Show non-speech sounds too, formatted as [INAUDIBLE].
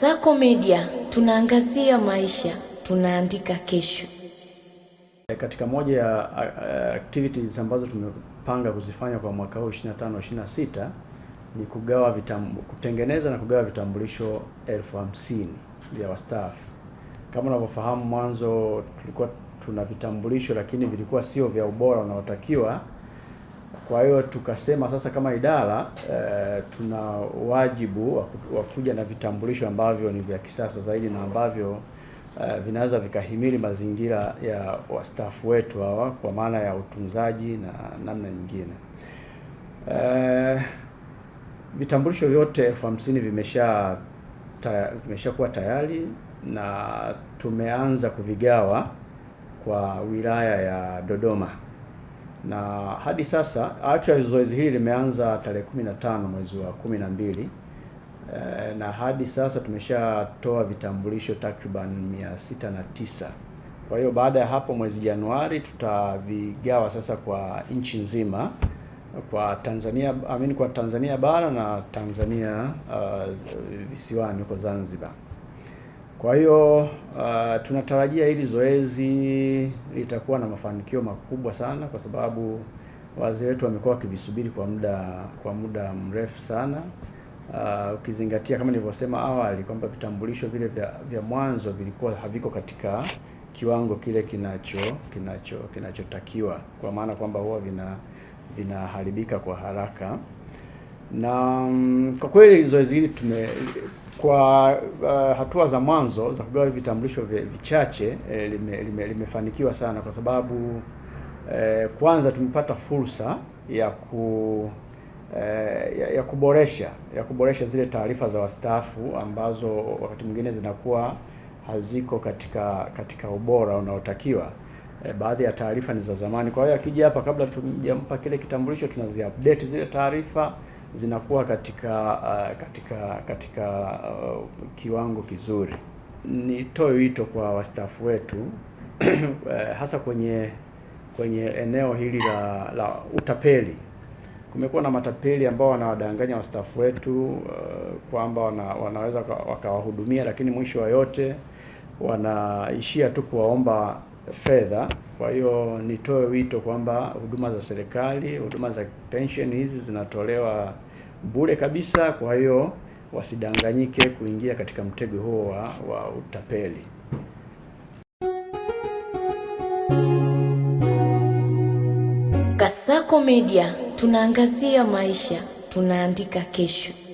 Sako Media tunaangazia maisha, tunaandika kesho. Katika moja ya activities ambazo tumepanga kuzifanya kwa mwaka huu 25 26 ni kugawa vitambu, kutengeneza na kugawa vitambulisho elfu hamsini vya wastaafu. Kama unavyofahamu, mwanzo tulikuwa tuna vitambulisho lakini vilikuwa sio vya ubora unaotakiwa kwa hiyo tukasema sasa kama idara e, tuna wajibu wa kuja na vitambulisho ambavyo ni vya kisasa zaidi na ambavyo e, vinaweza vikahimili mazingira ya wastaafu wetu hawa kwa maana ya utunzaji na namna nyingine. E, vitambulisho vyote elfu hamsini vimesha ta, vimeshakuwa tayari na tumeanza kuvigawa kwa wilaya ya Dodoma na hadi sasa actually zoezi hili limeanza tarehe 15 mwezi wa 12 eh, na hadi sasa tumeshatoa vitambulisho takriban tisa. Kwa hiyo baada ya hapo mwezi Januari tutavigawa sasa kwa nchi nzima kwa Tanzania amini kwa Tanzania bara na Tanzania uh, visiwani huko Zanzibar. Kwa hiyo uh, tunatarajia hili zoezi litakuwa na mafanikio makubwa sana, kwa sababu wazee wetu wamekuwa wakivisubiri kwa muda kwa muda mrefu sana, uh, ukizingatia kama nilivyosema awali kwamba vitambulisho vile vya, vya mwanzo vilikuwa haviko katika kiwango kile kinacho kinacho kinachotakiwa, kwa maana kwamba huwa vina vinaharibika kwa haraka na mm, kwa kweli zoezi hili tume kwa uh, hatua za mwanzo za kugawa vitambulisho vichache eh, limefanikiwa lime, lime sana kwa sababu eh, kwanza tumepata fursa ya ku eh, ya, ya kuboresha ya kuboresha zile taarifa za wastaafu ambazo wakati mwingine zinakuwa haziko katika katika ubora unaotakiwa. E, baadhi ya taarifa ni za zamani. Kwa hiyo akija hapa, kabla tumjampa kile kitambulisho, update zile taarifa zinakuwa katika uh, katika katika uh, kiwango kizuri. Nitoe wito kwa wastaafu wetu [CLEARS THROAT] eh, hasa kwenye kwenye eneo hili la, la utapeli. Kumekuwa na matapeli ambao wanawadanganya wastaafu wetu uh, kwamba wana, wanaweza wakawahudumia, lakini mwisho wa yote wanaishia tu kuwaomba fedha. Kwa hiyo nitoe wito kwamba huduma za serikali, huduma za pensheni hizi zinatolewa bure kabisa. Kwa hiyo wasidanganyike kuingia katika mtego huo wa, wa utapeli. Kasako Media tunaangazia maisha, tunaandika kesho.